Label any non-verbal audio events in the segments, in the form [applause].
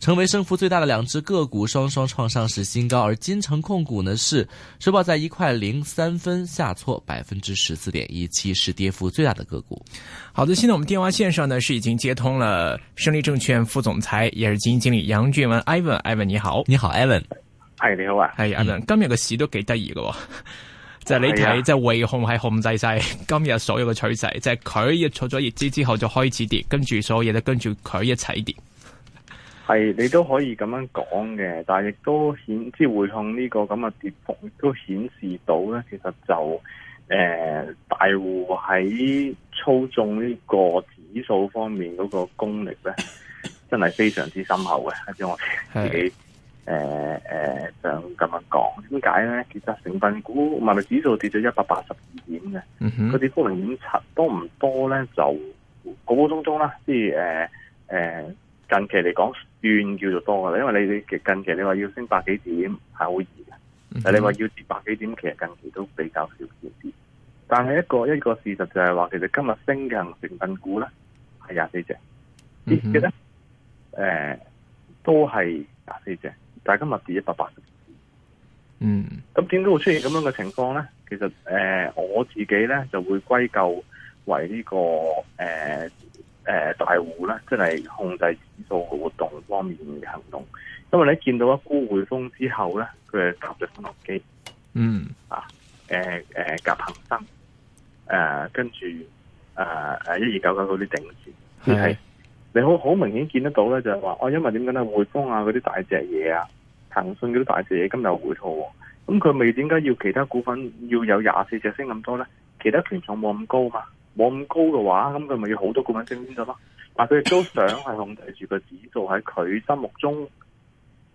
成為升幅最大的兩隻個股，雙雙創上市新高。而金城控股呢，是收報在一塊零三分，下挫百分之十四點一七，是跌幅最大的個股。好的，現在我們電話線上呢是已經接通了勝利證券副總裁，也是基金經理楊俊文 Ivan，Ivan 你好，你好 Ivan 哎，你好啊。係 Ivan 今日嘅市都幾得意嘅，就係你睇，就係匯控係控制晒今日所有嘅趨勢，就係佢一做咗熱資之後就開始跌，跟住所有嘢都跟住佢一齊跌。係，你都可以咁樣講嘅，但係亦都顯，即係匯控呢個咁嘅跌幅，亦都顯示到咧，其實就誒、呃、大戶喺操縱呢個指數方面嗰個功力咧， [laughs] 真係非常之深厚嘅，係我自己誒誒想咁樣講。點解咧？其實成分股萬利指數跌咗一百八十二點嘅，嗰啲跌幅零點七，多唔多咧？就高高中中啦，即係誒誒近期嚟講。算叫做多噶啦，因為你你近期你話要升百幾點係好易嘅。嗯、哼但係你話要跌百幾點，其實近期都比較少少啲。但係一個一個事實就係話，其實今日升嘅成分股咧係廿四隻，跌嘅咧誒都係廿四隻，但係今日跌一百八十點。嗯，咁點解會出現咁樣嘅情況咧？其實誒、呃、我自己咧就會歸咎為呢、這個誒。呃誒、呃，大戶咧，即係控制指數嘅活動方面嘅行動。因為你見到一沽匯豐之後咧，佢係搭着升落機，嗯啊，誒誒夾恒生，誒、呃、跟住誒誒一二九九嗰啲頂線，係、呃、是你好好明顯見得到咧，就係、是、話哦，因為點解咧匯豐啊嗰啲大隻嘢啊，騰訊嗰啲大隻嘢今日回吐喎。咁佢未點解要其他股份要有廿四隻升咁多咧？其他權重冇咁高嘛？冇咁高嘅話，咁佢咪要好多股份升咗咯？但係佢都想係控制住個指數喺佢心目中，誒、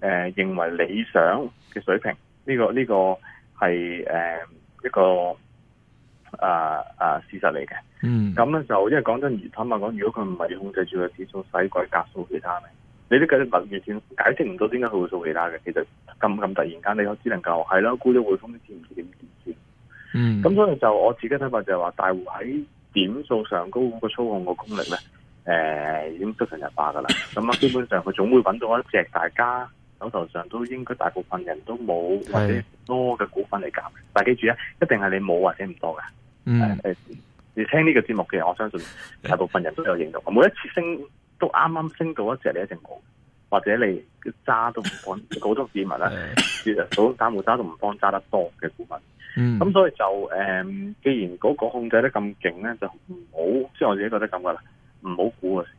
呃、認為理想嘅水平。呢、這個呢、這個係誒、呃、一個啊啊事實嚟嘅。嗯就。咁咧就因為講真，如坦白講，如果佢唔係控制住個指數，使鬼格數其他咧，你都計得落月線，解釋唔到點解佢會做其他嘅。其實咁咁突然間，你都只能夠係咯，估咗匯豐都知唔知點點先？嗯。咁所以就我自己睇法就係話，大戶喺。點數上高個操控，個功力咧，誒、呃，已經出神入化噶啦。咁、嗯、啊，基本上佢總會揾到一隻，大家手頭上都應該大部分人都冇或者多嘅股份嚟揀。的但係記住啊，一定係你冇或者唔多嘅。嗯誒、呃，你聽呢個節目嘅，我相信大部分人都有認同。每一次升都啱啱升到一隻，你一定冇。或者你揸都唔放，好多市民啦，普通散戶揸都唔放揸得多嘅股份。咁 [laughs] 的、嗯、所以就誒、嗯，既然嗰個控制得咁勁咧，就唔好，即係我自己覺得咁噶啦，唔好估個市。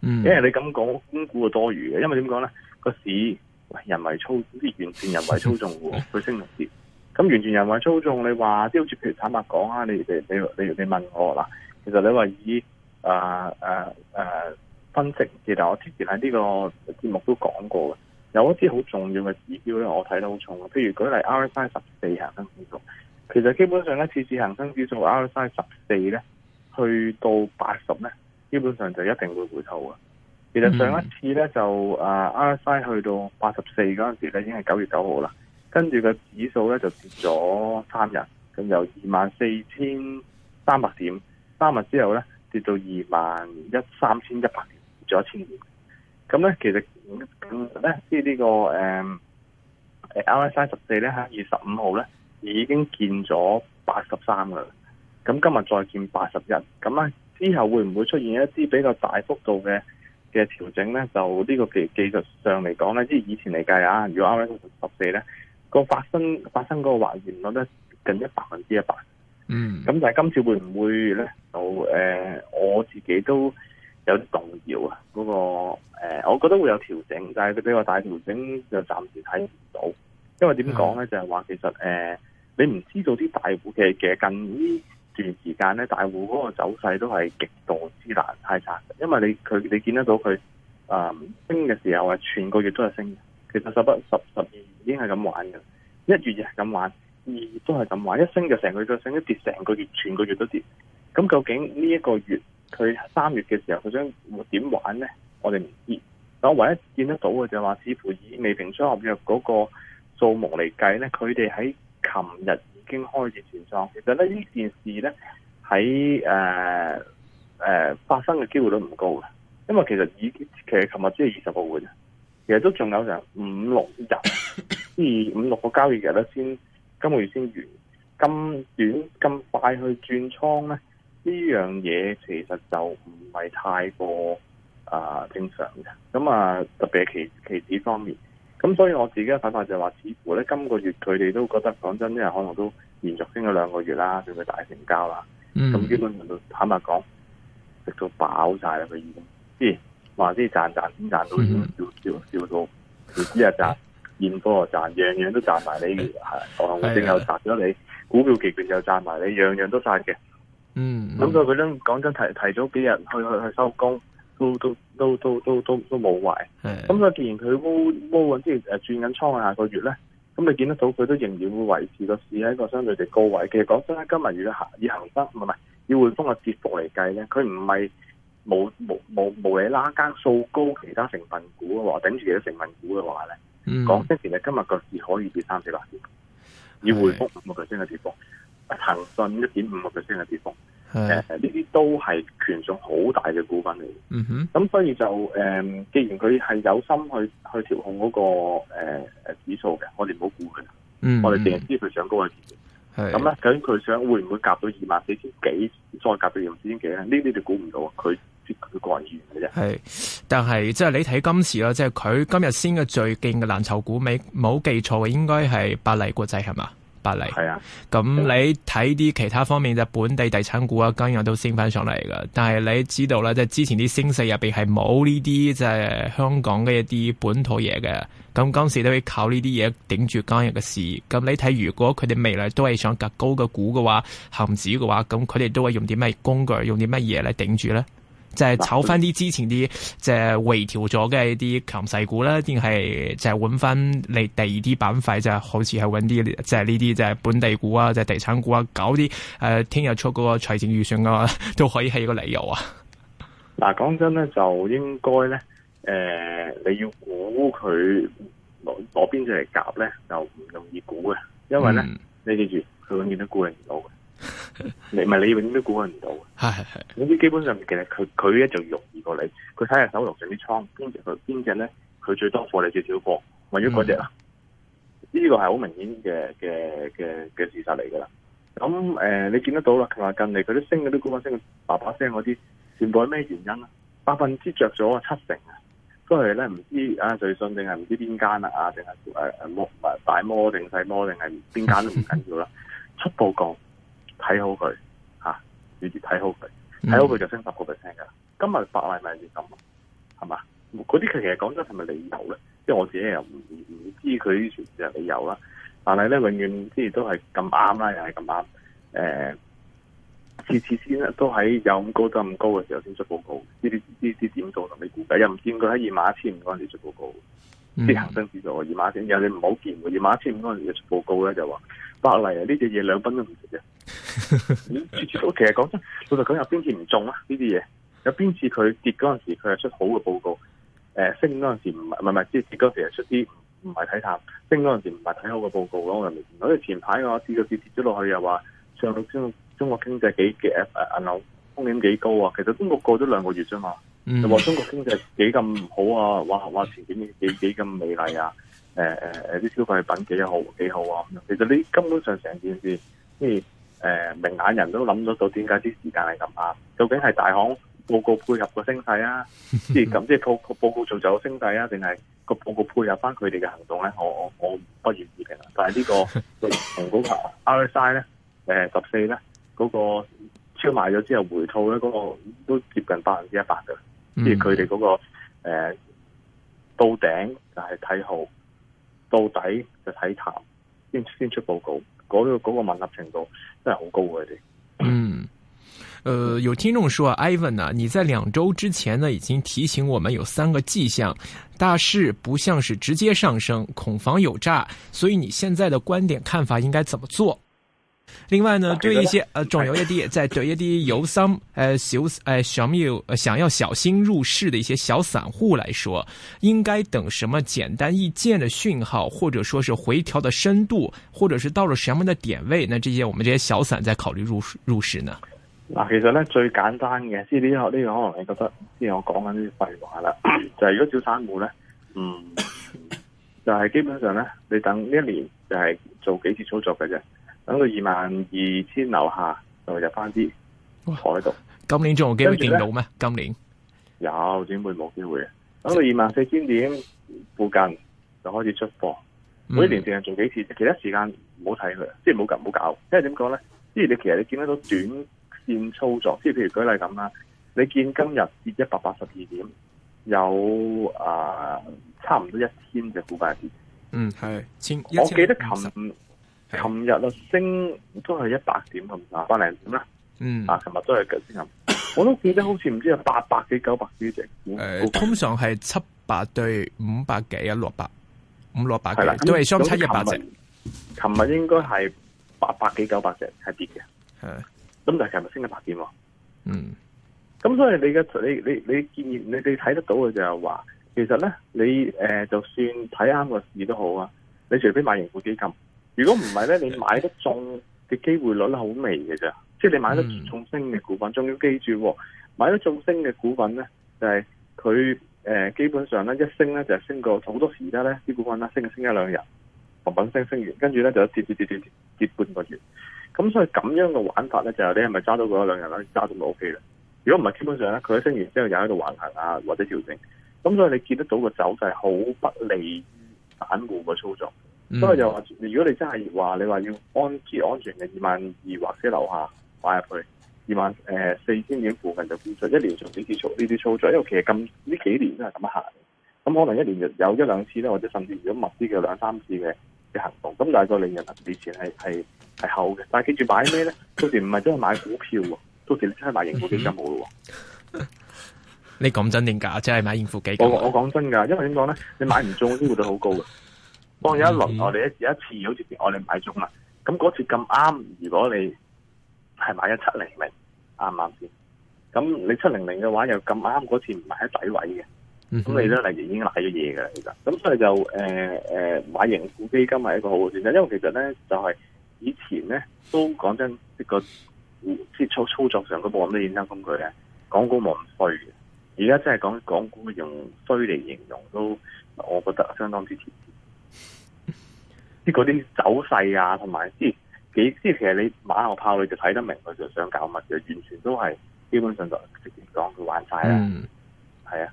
嗯因，因為你咁講，估股嘅多餘嘅，因為點講咧？個市，喂，人為操，即係完全人為操縱嘅，佢 [laughs] 升落跌。咁完全人為操縱，你話，即係好似譬如坦白講啊，你哋，你你你，你問我啦，其實你話以誒誒誒。呃呃呃分析其實我之前喺呢個節目都講過嘅，有一支好重要嘅指標咧，我睇得好重。譬如舉例，RSI 十四恒生指數，其實基本上咧，次次恒生指數 RSI 十四咧去到八十咧，基本上就一定會回頭嘅。其實上一次咧、嗯、就啊 RSI 去到八十四嗰陣時咧，已經係九月九號啦，跟住個指數咧就跌咗三日，咁由二萬四千三百點，三日之後咧跌到二萬一三千一百點。做一千點，咁咧、嗯嗯、其實咧，即係呢個誒，RSI 十四咧喺二月十五號咧已經見咗八十三嘅，咁今日再見八十一，咁咧之後會唔會出現一啲比較大幅度嘅嘅調整咧？就呢個技技術上嚟講咧，即係以前嚟計啊，如果 RSI 十四咧個發生發生個還原率咧近一百分之一百，嗯，咁但係今次會唔會咧？就誒、呃、我自己都。有啲動搖啊，嗰，那個誒、呃，我覺得會有調整，但係佢比較大調整就暫時睇唔到，因為點講咧就係話，其實誒、呃，你唔知道啲大戶嘅嘅近呢段時間咧，大戶嗰個走勢都係極度之難猜測，因為你佢你見得到佢誒、呃、升嘅時候係全個月都係升嘅，其實十一十二月已經係咁玩嘅，一月亦係咁玩，二月都係咁玩，一升就成個月都升，一跌成個月全個月都跌，咁究竟呢一個月？佢三月嘅時候，佢想點玩咧？我哋唔知。我唯一見得到嘅就係話，似乎以未平倉合約嗰個數目嚟計咧，佢哋喺琴日已經開始轉倉。其實咧呢件事咧喺誒誒發生嘅機會率唔高嘅，因為其實已經其實琴日只係二十個會，其實都仲有成五六日，即係五六個交易日咧先，今個月先完。咁短咁快去轉倉咧？呢樣嘢其實就唔係太過啊正常嘅，咁啊特別係期期指方面，咁所以我自己嘅睇法就係話，似乎咧今個月佢哋都覺得講真，因為可能都連續升咗兩個月啦，對佢大成交啦，咁基本上都坦白講食到飽晒啦，佢已經即係話啲賺賺賺到已少少少到，一日賺現貨又賺，樣樣都賺埋你，係銀行又賺咗你，股票期權又賺埋你，樣樣都賺嘅。嗯，咁佢都講真提提早幾日去去去，去收工，都都都都都都都冇壞。咁佢的既然佢冇沽緊，即係誒轉緊倉下個月咧，咁你見得到佢都仍然會維持個市喺一個相對地高位。其實講真咧，今日如果行以恒生唔係唔係以匯豐嘅跌幅嚟計咧，佢唔係冇冇冇冇嘢拉低數高其他成分股嘅話，頂住其他成分股嘅話咧，講、嗯、真其實咧，今日個市可以跌三四百點，以匯豐五六個 percent 嘅跌幅。的騰訊一點五個 percent 嘅跌幅，呢啲是都係權重好大嘅股份嚟嘅。嗯哼。咁所以就誒，既然佢係有心去去調控嗰、那個誒誒、呃、指數嘅，我哋唔好估佢嗯。我哋淨係知佢上高嘅係。咁咧是，究竟佢想會唔會夾到二萬四千幾，再夾到二萬四千幾咧？呢啲就估唔到啊！佢只佢個人意願嘅啫。係。但係即係你睇、就是、今次啦，即係佢今日先嘅最勁嘅藍籌股未冇記錯應該係百麗國際係嘛？係啊，咁、啊、你睇啲其他方面就本地地產股啊，今日都升翻上嚟㗎。但係你知道啦，即、就、係、是、之前啲升勢入邊係冇呢啲即係香港嘅一啲本土嘢嘅，咁當時都會靠呢啲嘢頂住今日嘅市。咁你睇如果佢哋未來都係想較高嘅股嘅話，恒指嘅話，咁佢哋都係用啲咩工具，用啲乜嘢嚟頂住咧？就係炒翻啲之前啲即係回調咗嘅一啲強勢股啦，定係就係揾翻你第二啲板塊，就係好似係揾啲即係呢啲即係本地股啊，即係地產股啊，搞啲誒，聽日出嗰個財政預算啊，都可以係一個理由啊。嗱，講真咧，就應該咧，誒、呃，你要估佢攞攞邊隻嚟夾咧，就唔容易估嘅，因為咧、嗯、你記住，佢永遠都估唔到嘅。 [laughs] 你咪你以為都估佢唔到？係係係呢啲基本上其實佢佢咧就容易過你，佢睇下手頭上啲倉，邊隻佢邊隻咧佢最多貨你最少貨，為咗嗰隻啦，呢個係好明顯嘅嘅嘅嘅事實嚟噶啦。咁誒、呃，你見得到啦？佢話近嚟佢都升嗰啲股價升嘅叭叭聲嗰啲，全部係咩原因啊？百分之着咗七成啊，都係咧唔知阿瑞信定係唔知邊間啦，啊，定係誒誒摩大摩定細摩定係邊間都唔緊要啦， [laughs] 出報告。睇好佢，吓、啊，越跌睇好佢，睇好佢就升十個 percent 㗎啦。今日百麗咪係咁，係嘛？嗰啲其實講咗係咪理由咧？即、就、係、是、我自己又唔唔知佢啲全係理由啦。但係咧，永遠即係都係咁啱啦，又係咁啱。誒、呃，次次先咧都喺有咁高得咁高嘅時候先出報告。呢啲呢啲點做就未估計，又唔見佢喺二萬一千五嗰陣時出報告。啲恒、嗯、生指數二萬點，有人唔好見喎，二萬一千五嗰陣時出報告咧就話百麗啊呢隻嘢兩分都唔值嘅。 [laughs] 其實講真，老實講，有邊次唔中啊？呢啲嘢，有邊次佢跌嗰陣時佢係出好嘅報告，誒、呃、升嗰陣時唔係唔係唔係跌嗰陣時係出啲唔係睇淡，升嗰陣時唔係睇好嘅報告咯。我哋前排嘅跌就跌跌咗落去又話，上到中國經濟幾幾誒壓力風險幾高啊？其實中國過咗兩個月啫嘛，就話中國經濟幾咁好啊？哇哇前幾年幾幾咁美麗啊？誒誒誒啲消費品幾好幾好啊？其實你根本上成件事即係。誒、呃，明眼人都諗得到點解啲時間係咁啱？究竟係大行報告配合個升勢啊？即係咁，即係報報告造就個升勢啊？定係個報告配合翻佢哋嘅行動咧？我我我不予置評嘅。但係，這個 [laughs] SI、呢個同嗰個 RSI 咧，誒十四咧，嗰，那個超賣咗之後回吐咧，嗰個都接近百分之一百嘅。即係佢哋嗰個誒、呃、到頂就係睇好，到底就睇淡，先先出報告。嗰個嗰個吻合程度真係好高嘅啲，嗯，呃，有聽眾說 Ivan 啊，Ivan 你在兩周之前呢已經提醒我們有三個跡象，大市不像是直接上升，恐防有詐，所以你現在的觀點看法應該怎麼做？另外呢，對一些呃仲有一啲，再啲啲有 some 誒，有誒、呃，小米、呃、想要小心入市的一些小散戶來說，應該等什麼簡單易見的訊號，或者說是回調的深度，或者是到了什麼的點位？那這些我們這些小散在考慮入市入市呢？嗱，其實咧最簡單嘅，即係呢個呢樣，這個、可能你覺得即係、這個、我講緊啲廢話啦。就係、如果小散戶咧，嗯，就係基本上咧，你等呢一年就係做幾次操作嘅啫。等到二萬二千樓下就入翻啲喺度，哇坐今年仲有機會見到咩？今年有，點會冇機會嘅？等到二萬四千點附近就開始出貨，嗯、每年淨係做幾次，其他時間唔好睇佢，即係唔好唔好搞。因為點講咧？即係你其實你見得到短線操作，即係譬如舉例咁啦，你見今日跌一百八十二點，有啊、呃、差唔多一千隻股份跌。1, 嗯，係千，1, 我記得琴。琴日啊，升都係一百點咁、嗯、啊，百零點啦。嗯，啊，琴日都係咁升。我都記得好似唔知係八百幾九百幾隻。誒、呃，通常係七百對五百幾，一六百五六百嘅，的都係相差一百隻。琴、嗯、日，日應該係八百幾九百隻係跌嘅。係，咁但係琴日升一百點。嗯，咁所以你嘅你你你建議你你睇得到嘅就係話，其實咧你誒、呃、就算睇啱個市都好啊，你除非買盈富基金。如果唔係咧，你買得中嘅機會率咧好微嘅咋。即係你買得中升嘅股份，仲、嗯、要記住，買得中升嘅股份咧，就係佢誒，基本上咧一升咧就係升過，好多時而家咧啲股份咧升升一兩日，同品升升完，跟住咧就一跌跌跌跌跌跌半個月，咁所以咁樣嘅玩法咧就係、是、你係咪揸到嗰一兩日咧揸到咪 OK 啦？如果唔係，基本上咧佢一升完之後又喺度橫行啊或者調整，咁所以你見得到個走勢好不利於散戶嘅操作。不過話，嗯、如果你真係話你話要安，置安全嘅二萬二或者樓下買入去，二萬誒、呃、四千點附近就沽出，一年做幾次做呢啲操作，因為其實咁呢幾年都係咁行，咁可能一年有一兩次咧，或者甚至如果密啲嘅兩三次嘅嘅行動，咁但係令人諗，啲錢係係係好嘅，但係記住買咩咧， [coughs] 到時唔係真係買股票喎，到時你真係買盈富基金好咯喎，你講真定假的，真係買盈富基金？我講講真噶，因為點講咧，你買唔中啲幅度好高嘅。當有一輪，我哋一有一次好似我哋買中啦，咁嗰次咁啱，如果你係買咗七零零啱唔啱先？咁、嗯嗯嗯、你七零零嘅話又咁啱嗰次唔買喺底位嘅，咁你都例如已經瀨咗嘢噶啦。其實咁所以就誒誒、呃呃、買盈富基金係一個好嘅選擇，因為其實咧就係、是、以前咧都講真呢個即操操作上都冇咁多衍生工具嘅，港股冇唔衰嘅，而家真係講港股用衰嚟形容，都我覺得相當之啲嗰啲走勢啊，同埋啲幾啲，其實你馬後炮你就睇得明佢就想搞乜嘢，完全都係基本上就直接講佢玩晒啦。嗯，係啊。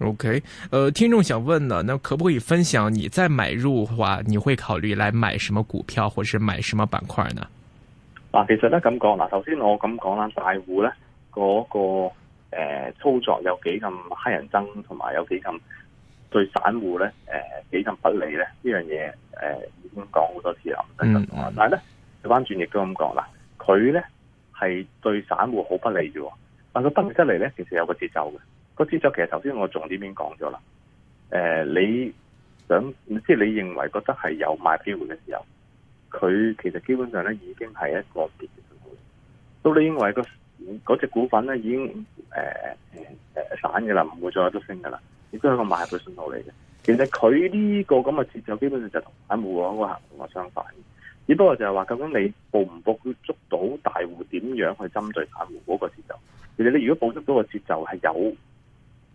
OK，呃，聽眾想問呢，那可不可以分享你再買入嘅話，你會考慮來買什麼股票，或者是買什麼板塊呢？嗱、啊，其實咧咁講，嗱，頭先我咁講啦，大戶咧嗰個操作有幾咁黑人憎，同埋有幾咁。對散戶咧，誒幾咁不利咧呢樣嘢，誒、呃、已經講好多次得、嗯嗯、呢啦。但係咧，翻轉亦都咁講啦，佢咧係對散戶好不利嘅，但係個不利得嚟咧，其實有個節奏嘅。個節奏其實頭先我重點已經講咗啦。誒、呃，你想即係你認為覺得係有賣機會嘅時候，佢其實基本上咧已經係一個跌嘅機會。到你認為個嗰隻股份咧已經誒誒、呃呃、散嘅啦，唔會再有都升嘅啦。即係個買入嘅信號嚟嘅，其實佢呢個咁嘅節奏，基本上就同散戶嗰個行同係相反，只不過就係話究竟你捕唔捕捉到大戶點樣去針對散戶嗰個節奏？其實你如果捕捉到個節奏，係有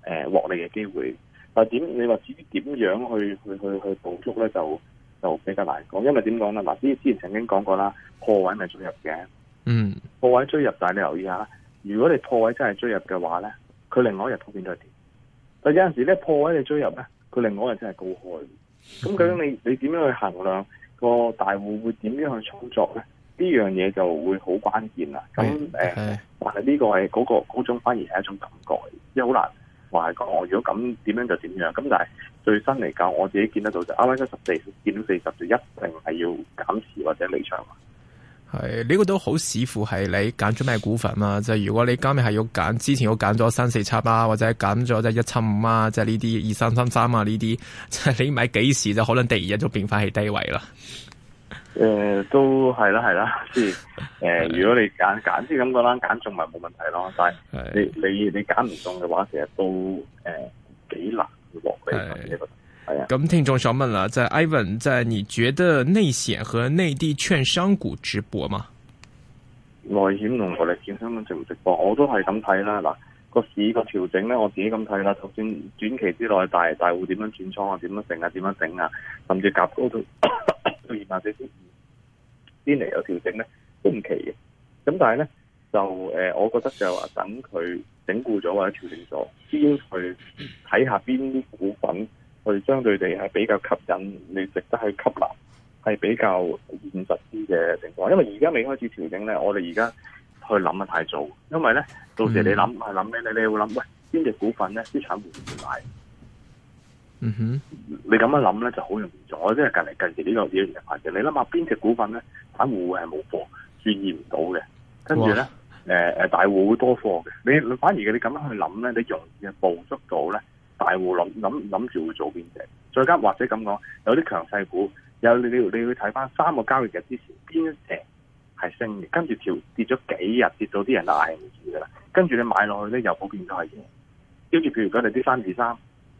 誒獲利嘅機會，但係點？你話至於點樣去去去去捕捉咧，就就比較難講。因為點講咧？嗱，之之前曾經講過啦，破位咪追入嘅，嗯，破位追入，但係你留意下，如果你破位真係追入嘅話咧，佢另外一日普遍都係但有陣時咧，破位你追入咧，佢另外嘅真係高開，咁究竟你你點樣去衡量個大戶會點樣去操作咧？呢樣嘢就會好關鍵啦。咁誒，但係呢個係嗰個高中反而係一種感覺，即好難話係講，如果咁點樣就點樣。咁但係最新嚟講，我自己見得到就啱啱一十四，見到四十就一定係要減持或者離場。係呢個都好視乎係你揀咗咩股份啦，即係、如果你今日係要揀，之前我揀咗三四七啊，或者揀咗即係一七五啊，即係呢啲二三三三啊呢啲，即、就、係、是、你買幾時就可能第二日就變翻係低位啦。誒、呃，都係啦，係啦、啊，即係誒，如果你揀揀啲咁嘅啦，揀中咪冇問題咯。Churches, them, 但係你是、啊、你你揀唔中嘅話，其實都誒幾難要落嚟係啊，咁、嗯、聽眾想問啦，在 Ivan，在你覺得內險和內地券商股值博嗎？內險同內地券商都值唔值博，我都係咁睇啦。嗱個市個調整咧，我自己咁睇啦。就算短期之內大大戶點樣轉倉啊，點樣定啊，點樣整啊，甚至夾高到到二百四先嚟有調整咧都唔奇嘅。咁但係咧就誒、呃，我覺得就係話等佢整固咗或者調整咗，先去睇下邊啲股份。 [coughs] 我哋相對地係比較吸引，你值得去吸納，係比較現實啲嘅情況。因為而家未開始調整咧，我哋而家去諗得太早。因為咧，到時你諗係諗咩咧？你會諗喂，邊隻股份咧資產會唔會買？嗯哼，你咁、嗯、哼樣諗咧就好容易做。我即係近嚟，近時呢、這個呢個環境，你諗下邊隻股份咧，散戶會係冇貨轉移唔到嘅，跟住咧，誒誒哇、呃，大戶會多貨嘅。你反而你咁樣去諗咧，你容易係捕捉到咧。大戶諗諗諗住會做邊隻？再加或者咁講，有啲強勢股，有你你你要睇翻三個交易日之前邊一隻係升嘅，跟住調跌咗幾日跌到啲人捱唔住噶啦，跟住你買落去咧又普遍都係嘢。跟住譬如講你啲三至三，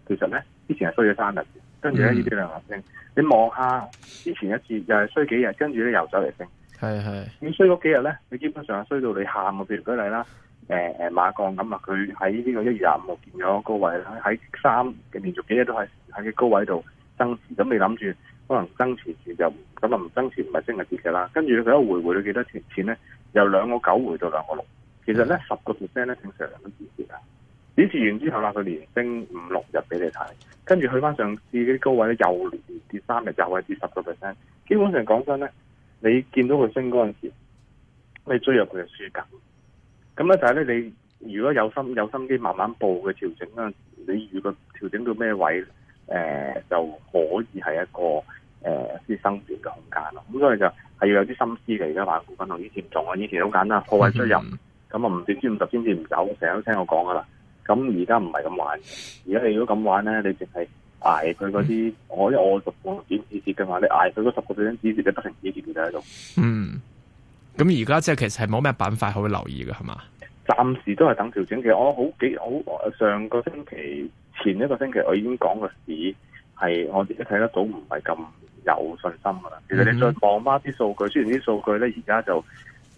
其實咧之前係衰咗三日，跟住咧呢啲兩日升，你望下之前一次又係衰幾日，跟住咧又走嚟升，係係。你衰嗰幾日咧，你基本上係衰到你喊啊！譬如舉例啦。誒誒，馬鋼咁啊！佢喺呢個一月廿五號見咗高位喺三嘅，連續幾日都係喺嘅高位度增持，咁你諗住可能增持就咁啊，唔增持唔係升係跌嘅啦。跟住佢一回回到幾多錢錢咧？由兩個九回到兩個六，其實咧十個 percent 咧，正常人都止蝕，㗎！止蝕完之後啦，佢連升五六日俾你睇，跟住去翻上次嗰啲高位咧，又連跌三日，又係跌十個 percent。基本上講真咧，你見到佢升嗰陣時，你追入佢就輸噶。咁咧就係咧，你如果有心有心機慢慢步嘅調整咧，你如果調整到咩位，誒、呃、就可以係一個誒啲、呃、生存嘅空間啦。咁所以就係要有啲心思嚟嘅板股份同以前仲啊以前好簡單破位出入，咁啊唔跌至五十先至唔走，成日都聽我講噶啦。咁而家唔係咁玩，而家你如果咁玩咧，你淨係挨佢嗰啲，嗯、我因為我做盤點止跌嘅話，你挨佢嗰十個 percent 止跌，你不停止跌就喺度。嗯。咁而家即係其實係冇咩板塊可以留意嘅，係嘛？暫時都係等調整嘅。我好幾好上個星期前一個星期，我已經講個市係我自己睇得到唔係咁有信心噶啦。其實你再望翻啲數據，雖然啲數據咧而家就誒、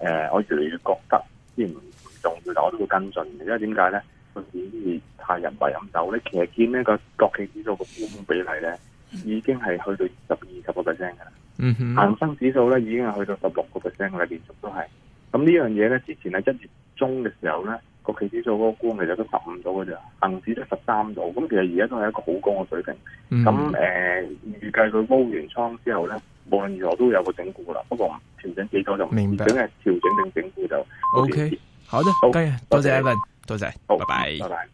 呃，我越嚟越覺得雖然唔重要，但我都會跟進。因為點解咧？個市太人為飲酒咧，其實見呢個國企指數嘅沽空比例咧，已經係去到十二十個 percent 噶啦。恒、嗯、生指數咧已經係去到十六個 percent 啦，連續都係咁呢樣嘢咧。之前喺一月中嘅時候咧，國企指數嗰個高位就都十五度嘅咋，恒指都十三度。咁其實而家都係一個好高嘅水平。咁誒、嗯，預計佢煲完倉之後咧，無論如何都有個整固啦。不過調整幾多就唔明白，淨係調整定整固就 OK 要。好的，多謝 Ivan，多謝，好，拜拜，拜拜。